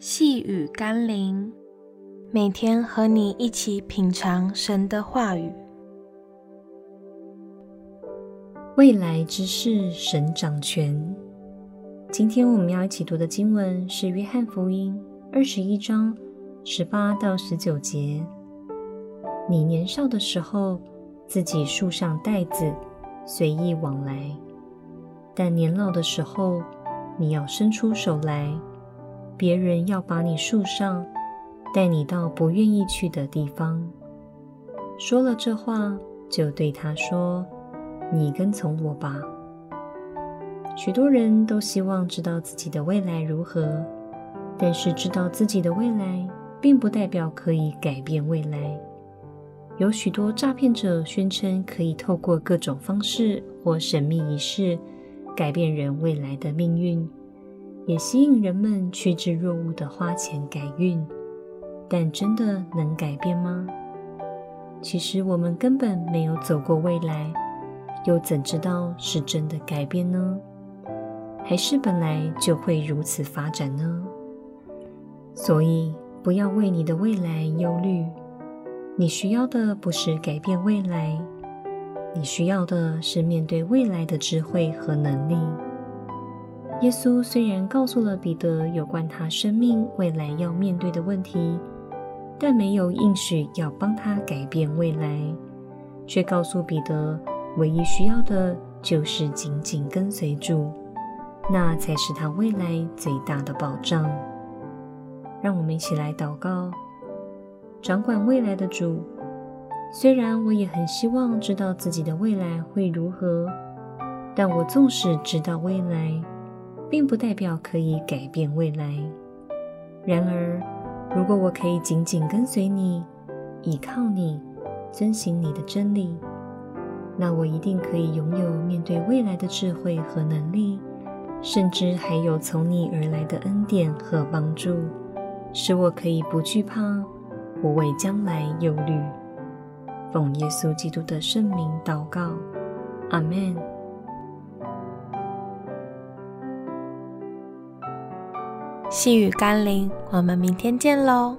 細語甘霖，每天和你一起品嘗神的話語。未來之事，神掌權。今天我們要一起讀的經文是《約翰福音》二十一章十八到十九節。你年少的時候，自己束上帶子，隨意往來；但年老的時候，你要伸出手來。別人要把你束上，帶你到不願意去的地方。說了這話，就對他說：“你跟從我吧。”許多人都希望知道自己的未來如何，但是知道自己的未來，並不代表可以改變未來。有許多詐騙者宣稱可以透過各種方式或神秘儀式，改變人未來的命運。也吸引人們趨之若鶩的花錢改運，但真的能改變嗎？其實我們根本沒有走過未來，又怎知道是真的改變呢？還是本來就會如此發展呢？所以，不要為你的未來憂慮，你需要的不是改變未來，你需要的是面對未來的智慧和能力。耶穌雖然告訴了彼得有關他生命未來要面對的問題，但沒有應許要幫他改變未來，卻告訴彼得，唯一需要的就是緊緊跟隨主，那才是他未來最大的保障。讓我們一起來禱告：掌管未來的主，雖然我也很希望知道自己的未來會如何，但我縱使知道未來。並不代表可以改變未來。然而，如果我可以緊緊跟隨你，倚靠你，遵循你的真理，那我一定可以擁有面對未來的智慧和能力，甚至還有從你而來的恩典和幫助，使我可以不懼怕，不為將來憂慮。奉耶穌基督的聖名禱告，阿們！細語甘霖，我們明天見嘍。